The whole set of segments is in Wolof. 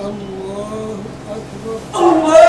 الله أكبر الله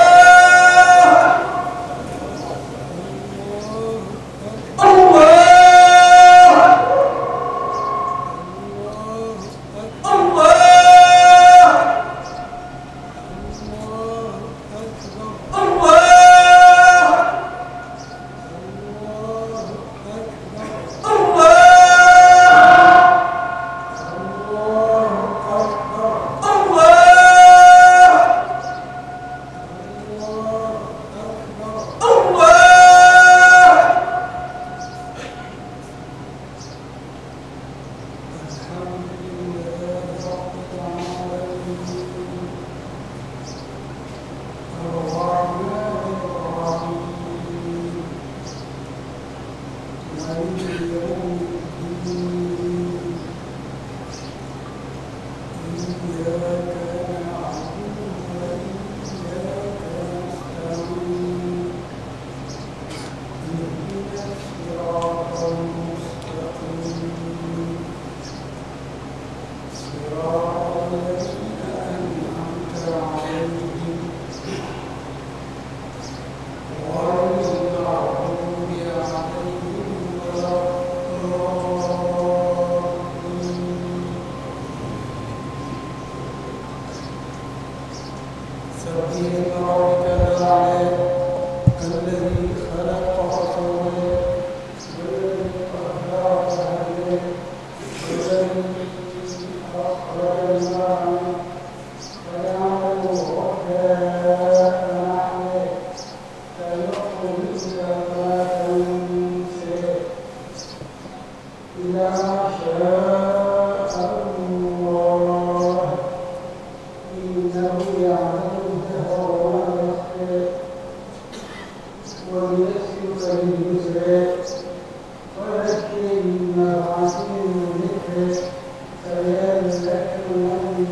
سبح اسم ربك الأعلى الذي خلق فسوى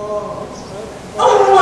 الله أكبر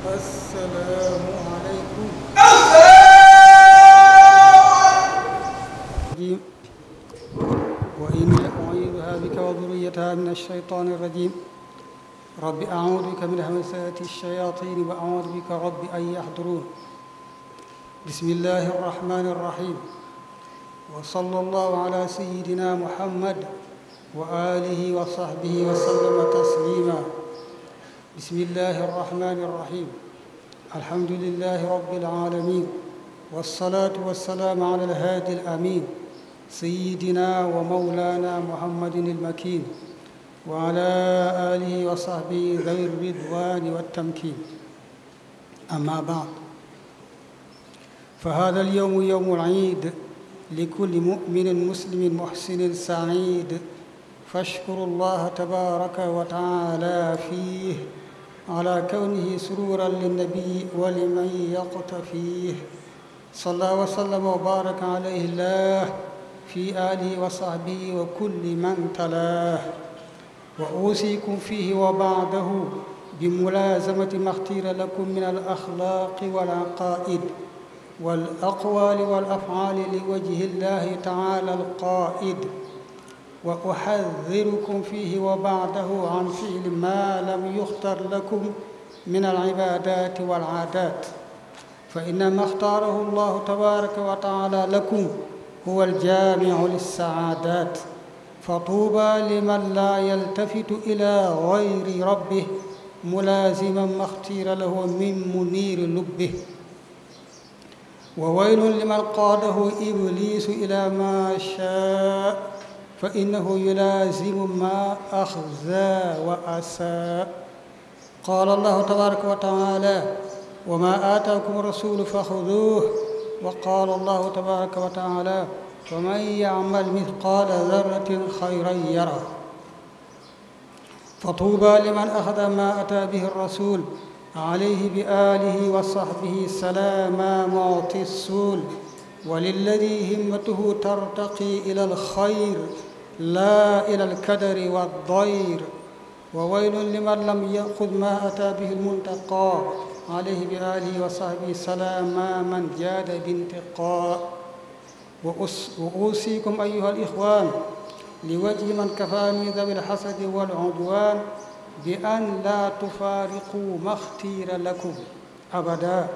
assalaamu aleykum wa inni u'iiduhaa bika wa durriyatahaa mina ash-shaytaani rajiim rabbi a'uudu bika min hamazaati ash-shayaatiin wa a'uudu bika rabbi an yahduruun bismillaahi rahmaani rahiim wa sallallaahu alaa sayyidinaa Muhammad wa aalihi wa sahbihi wa sallama tasliimaa بسم الله الرحمن الرحيم الحمد لله رب العالمين والصلاة والسلام على الهادي الأمين سيدنا ومولانا محمد المكين وعلى آله وصحبه ذوي الرضوان والتمكين أما بعد فهذا اليوم يوم العيد لكل مؤمن مسلم محسن سعيد فاشكروا الله تبارك وتعالى فيه على كونه سرورا للنبي ولمن يقتفيه صلى وسلم وبارك عليه الله في آله وصحبه وكل من تلاه وأوصيكم فيه وبعده بملازمة ما اختير لكم من الأخلاق والعقائد والأقوال والأفعال لوجه الله تعالى القائد وأحذركم فيه وبعده عن فعل ما لم يختر لكم من العبادات والعادات فإنما اختاره الله تبارك وتعالى لكم هو الجامع للسعادات فطوبى لمن لا يلتفت إلى غير ربه ملازما ما اختير له من منير لبه وويل لمن قاده إبليس إلى ما شاء fa innahu yulaazimu ma axza wa asa qaala allahu tabaraka wa taala wa ma aataakum rasulu fa xuduuh wa qaala allahu tabaraka wa taala wa man yacmal mithqaala darratin xayran yara fa tuuba liman axada ma ataa bihi rasul عليه بآله وصحبه سلام معطي السول وللذي همته ترتقي إلى الخير لا إلى الكدر والضير وويل لمن لم يأخذ ما أتى به المنتقى عليه بآله وصحبه سلاما من جاد بانتقاء وأوصيكم أيها الإخوان لوجه من كفاني ذوي الحسد والعدوان بأن لا تفارقوا ما اختير لكم أبدا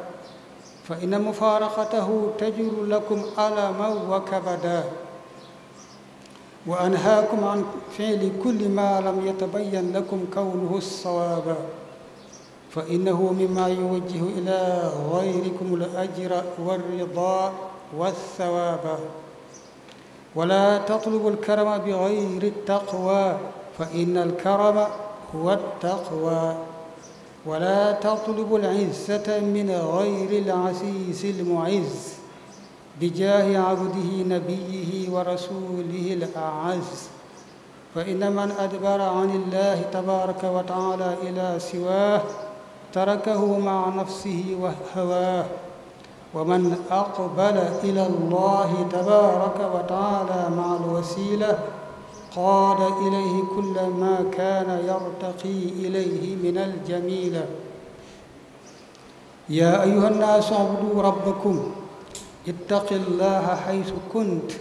فإن مفارقته تجر لكم ألما وكبدا wa anhaakum an fiili kulli maa lam yatabayan lakum kawnuhu sawaaba fa innahu mimma yuwajjihu ilaa gayrikum al ajra walridaa walsawaaba wala tatlubu alkarama bigayri taqwa fa inna alkarama huwa taqwa wala tatlubu alizzata min gayri alasiisi almuizz بجاه عبده نبيه ورسوله الأعز فإن من أدبر عن الله تبارك وتعالى إلى سواه تركه مع نفسه وهواه ومن أقبل إلى الله تبارك وتعالى مع الوسيلة قاد إليه كل ما كان يرتقي إليه من الجميلة يا أيها الناس اعبدوا ربكم ittaqi llaha xaytu kunt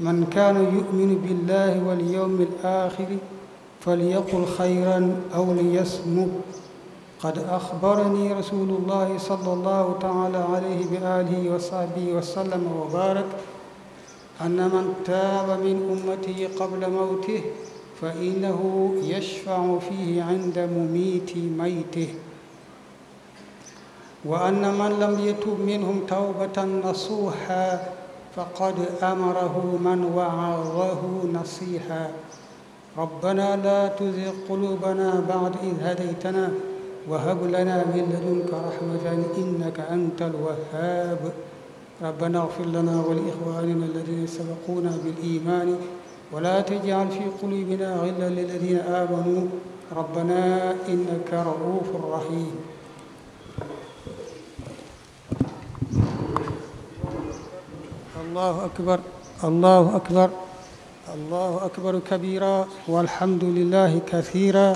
man kaana yuminu billahi walyowmi alaaxiri falyaqul xayran aw liyasmut qad axbarani rasulullahi sallallahu taala alayhi bi alihi wa sahbihi wa sallama wa baarak anna man taaba min ummatihi qabla mawtihi fa innahu yashfacu fihi cinda mumiiti maytihi وأن من لم يتب منهم توبة نصوحا فقد أمره من وعظه نصيحا ربنا لا تزغ قلوبنا بعد إذ هديتنا وهب لنا من لدنك رحمة إنك أنت الوهاب ربنا اغفر لنا ولإخواننا الذين سبقونا بالإيمان ولا تجعل في قلوبنا غلا للذين آمنوا ربنا إنك رؤوف رحيم الله أكبر الله أكبر الله أكبر كبيرا والحمد لله كثيرا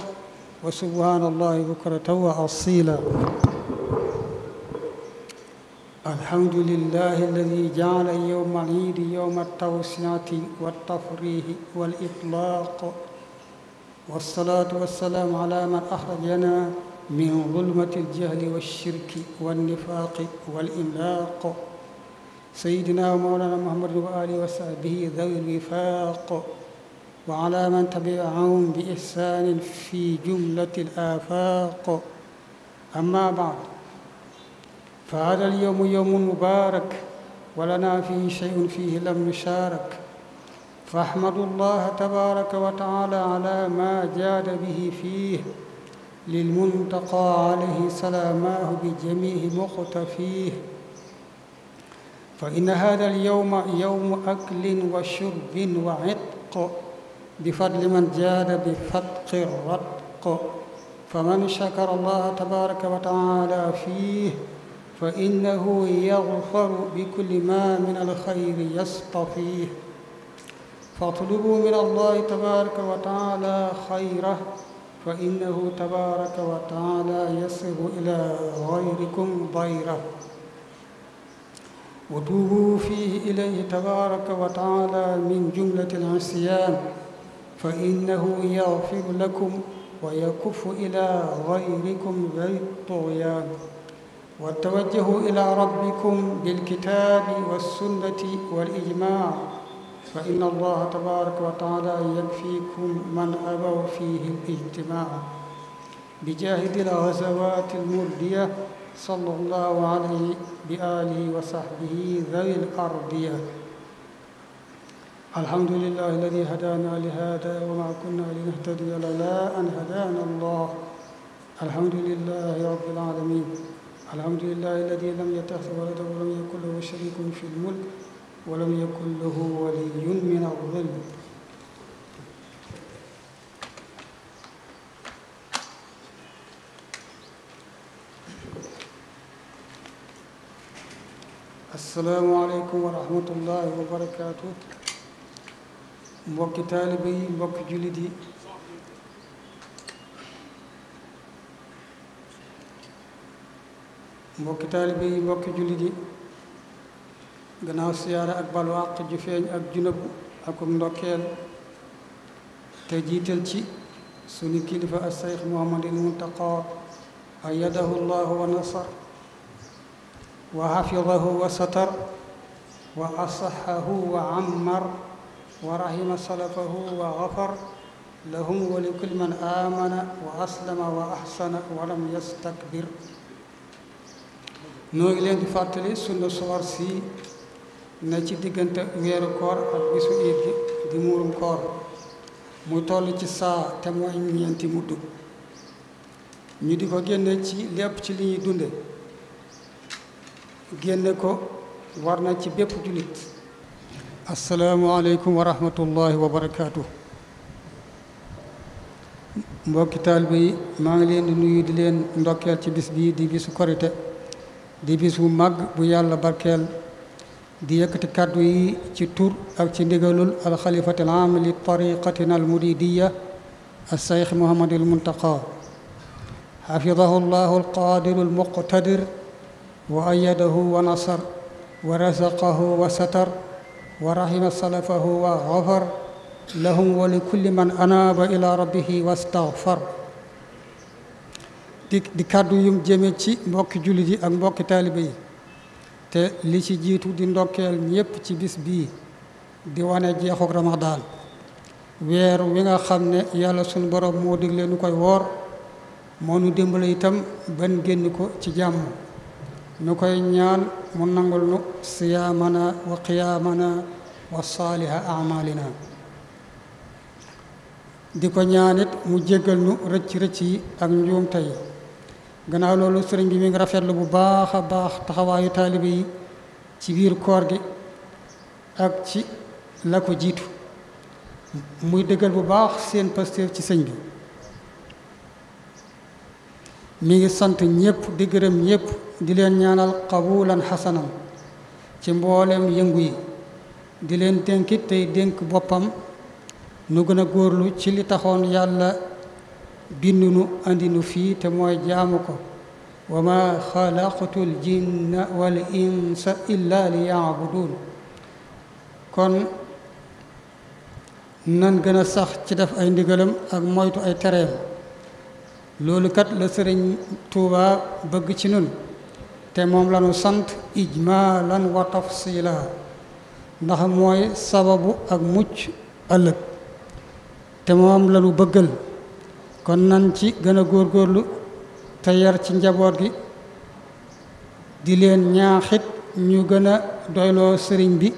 وسبحان الله بكرة وأصيلا الحمد لله الذي جعل يوم العيد يوم التوسعة والتفريح والإطلاق والصلاة والسلام على من أخرجنا من ظلمة الجهل والشرك والنفاق والإملاق سيدنا ومولانا محمد وآله وصحبه ذوي الوفاق وعلى من تبعهم بإحسان في جملة الآفاق أما بعد فهذا اليوم يوم مبارك ولنا فيه شيء فيه لم نشارك فاحمد الله تبارك وتعالى على ما جاد به فيه للمنتقى عليه سلاماه بجميع مقتفيه فإن هذا اليوم يوم أكل وشرب وعتق بفضل من جاد بفتق الرتق فمن شكر الله تبارك وتعالى فيه فإنه يغفر بكل ما من الخير يصطفيه فاطلبوا من الله تبارك وتعالى خيره فإنه تبارك وتعالى يصب إلى غيركم ضيره وتوبوا فيه إليه تبارك وتعالى من جملة العصيان فإنه يغفر لكم ويكف إلى غيركم ذي الطغيان وتوجهوا إلى ربكم بالكتاب والسنة والإجماع فإن الله تبارك وتعالى يكفيكم من أبوا فيه الاجتماع بجاهد الغزوات المردية صلى الله عليه بآله وصحبه ذوي الأرضية الحمد لله الذي هدانا لهذا وما كنا لنهتدي لولا أن هدانا الله الحمد لله رب العالمين الحمد لله الذي لم يتخذ ولدا ولم يكن له شريك في الملك ولم يكن له ولي من الظل asalaamualeykum wa rahmatullahi wa barakaatu mbokki taalibe yi mbokki jullit mbokki taalibe mbokki jullit yi gannaaw ak balwaq ju feeñ ak junub akum ndokkeel te jiital ci sunu kilifa as-Seex Muhammadul Muntaqa ayyadahu llahu wa nasar wa xafidahu wa satar wa asaxahu wa ammar wa rahima salafahu wa gafar lahum wa likulli man aamana wa aslama wa axsana wa lam yastakbir noo ngi leen di fàttali su soor si na ci diggante weeru koor ak bisu di muurum koor mu toll ci saa te mooy ñeenti mudd ñu di ko génne ci lépp ci li ñuy dunde génne ko war na ci bépp jullit asalaamualeykum wa rahmatullahi wa barakaatu. mbokki taalibe yi maa ngi leen di nuyu di leen ndokkeel ci bis bii di bisu korite di bisu mag bu yàlla barkeel di yëkkati kàddu yi ci tur ak ci ndigalul alxalifati al aam li tariqatina al muridiya al seykh muhammad al muntaqa xafidahu llahu al qaadiru al muqtadir wa ayadahu wa nasar wa razaqahu wa satar wa rahima salafahu wa xafar lahum wa li man anaaba ila rabbihi wastaxfar di di kàddu yum jëme ci mbokki jullit yi ak mbokki taalibe yi te li ci jiitu di ndokkeel yépp ci bis bii di wane jeexuk ramadaan weer wi nga xam ne yàlla sunu borom moo digle nu koy woor moo nu dimbale itam ban génn ko ci jàmm nu koy ñaan mu nangul nu siyaamana wa qiyaamana wa saaliha amalina di ko ñaanit mu jéggal nu rëcc-rëcc yi ak njuum tey gannaaw loolu sëriñ bi mi ngi rafetlu bu baax a baax taxawaayu taalibe yi ci biir koor gi ak ci la ko jiitu muy dëggal bu baax seen pastéef ci sëñ bi mi ngi sant ñëpp di gërëm ñëpp di leen ñaanal qabulan xasanam ci mboolem yëngu yi di leen dénkit tey dénk boppam nu gën a góorlu ci li taxoon yàlla bind nu andi nu fii te mooy jaamu ko wa ma xalaqtul jinna wal insa illa li yaabudun kon nan gën a sax ci def ay ndigalam ak moytu ay tereem loolu kat la sëriñ Tuuba bëgg ci nun te moom lanu sant lan wa tafsila ndax mooy sababu ak mucc ëllëg te moom lanu bëggal kon nan ci gën a góorlu te yar ci njaboot gi di leen ñaaxit ñu gën a doyloo sëriñ bi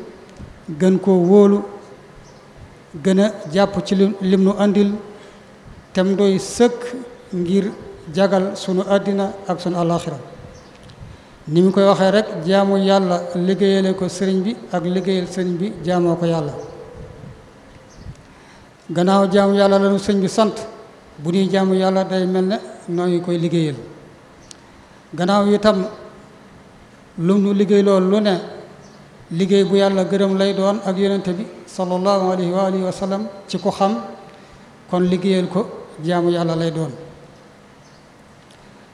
gën koo wóolu gën a jàpp ci lim nu andil tem doy sëkk ngir jagal sunu àddina ak sunu àllaaxira ni mu koy waxee rek jaamu yàlla liggéeyale ko sëriñ bi ak liggéeyal sëriñ bi jaamoo ko yàlla gannaaw jaamu yàlla lanu sëriñ bi sant bu ñuy jaamu yàlla day mel ne noo ngi koy liggéeyal gannaaw itam lu nu liggéey loolu lu ne liggéey bu yàlla gërëm lay doon ak yonente bi sallallahu alayhi wa alihi wa sallam ci ko xam kon liggéeyal ko jaamu yàlla lay doon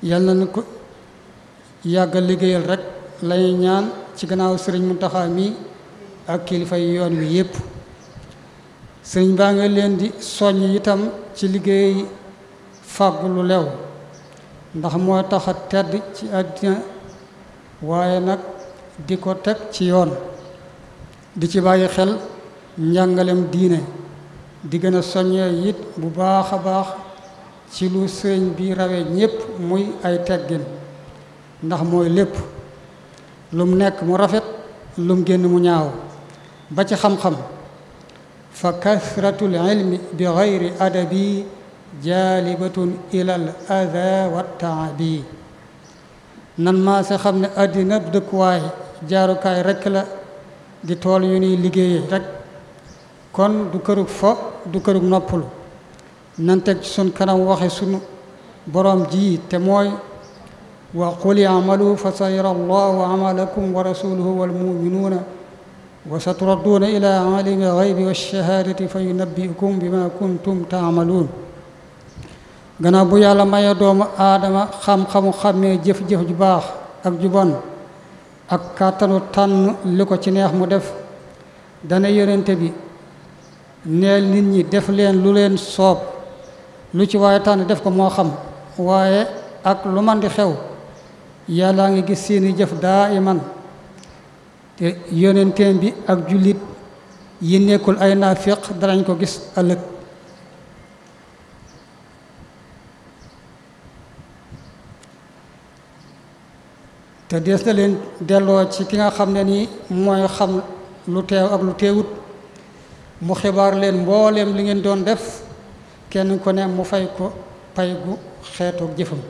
yal nañu ko yàgga liggéeyal rekk lay ñaan ci gannaaw sëriñ mu Muntaxa mi ak kilifa yi yoon wi yépp sëriñ baa ngi leen di soññ itam ci liggéey fàggu lu lew ndax moo tax a tedd ci àddina waaye nag di ko teg ci yoon di ci bàyyi xel njàngalem diine di gën a soññee it bu baax a baax ci lu sëriñ bi rawee ñépp muy ay teggin ndax mooy lépp lum nekk mu rafet lum génn mu ñaaw ba ci xam-xam fa kasratul ilmi bi gayri ilal ada wa taabi nan maa ci xam ne àddina dëkkuwaay jaarukaay rekk la di tool yu nuy liggéeye rekk kon du kërug fo du kërug noppalu nan teg sun kanam waxe sunu borom ji te mooy wa qul i'malu fa sayara amalakum wa rasuluhu wal muminuuna wa saturadduuna ila alimi alxaybi walchahaadati fa yunabbiukum bima kuntum taamaluun gannaaw bu yàlla maye doomu aadama xam-xamu xàmmee jëf-jëf ju baax ak juban bon ak kàttanu tànn li ci neex mu def dana yonente bi neel nit ñi def leen lu leen soob lu ci waaye tànn def ko moo xam waaye ak lu man di xew yàllaa ngi gis seeni jëf daa iman te yonenteem bi ak jullit yi nekkul ay naafiq danañ ko gis ëllëg te dees na leen delloo ci ki nga xam ne nii mooy xam lu teew ak lu teewut mu xibaar leen mboolem li ngeen doon def kenn ku ne mu fay ko pay gu xeetoog jëfam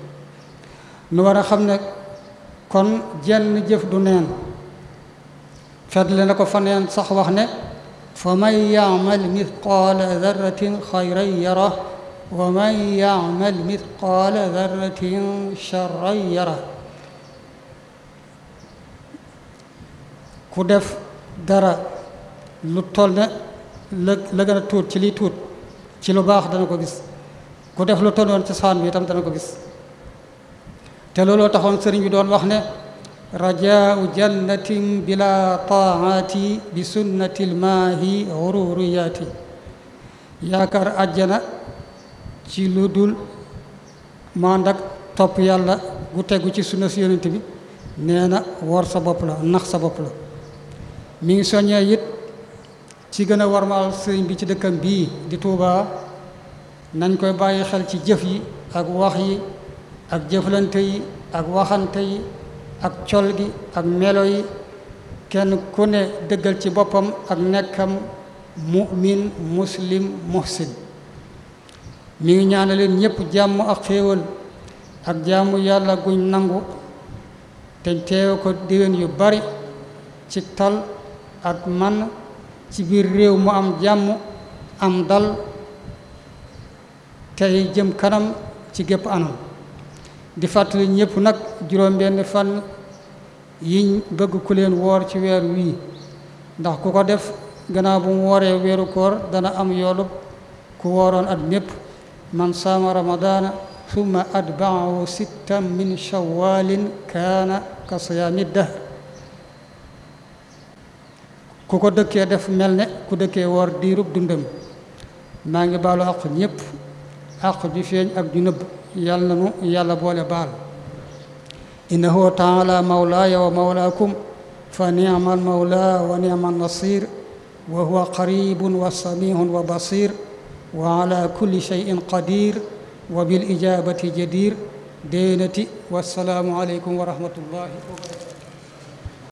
nu war a xam ne kon jenn jëf du neen fetli na ko fa neen sax wax ne fa man yaamal mithqaala darratin xayran yara wa man yaamal mithqaala darratin charran yara ku def dara lu tol ne la la gën tuut ci liy tuut ci lu baax dana ko gis ku def lu tonoon ci saan bi itam dana ko gis te looloo taxoon sëriñ bi doon wax ne rajaau jannatin bila taati bi sunnati lmaahi xururiyaati yaakaar àjjana ci lu dul mànd ak topp yàlla gu tegu ci sunna si yonent bi nee na wor sa bopp la nax sa bopp la mi ngi soññee it ci gëna a warmaal sëriñ bi ci dëkkam bii di Touba nañ koy bàyyi xel ci jëf yi ak wax yi ak jëflante yi ak waxante yi ak col gi ak melo yi kenn ku ne dëggal ci boppam ak nekkam mu'min muslim muhsin mi ngi ñaanaleen ñépp jàmm ak xéewal ak jàmm yàlla guñ nangu te teewe ko déwén yu bari ci tal ak man ci biir réew mu am jàmm am dal tey jëm kanam ci gépp anam di fàttali ñépp nag juróom benn fan yiñ bëgg ku leen woor ci weer wii ndax ku ko def gannaaw bu mu wooree weeru koor dana am yoolub ku wooroon at mépp man saama ramadaana summa atbaahu sittan min shawalin kaana ka siyaami dahr ku ko dëkkee def mel ku dëkkee woor diirub dundam maa ngi baalu àq ñëpp àq ju ak ju nëbb nu yàlla boole baal innahu taala mawlaaya wa mawlaakum fa niamal mawla wa niamal nasir wa huwa qaribun wa samihun wa basir wa ala kulli cheyin qadir wa bil ijabati jadir déynati wassalaamu aleykum wa rahmatullahi wa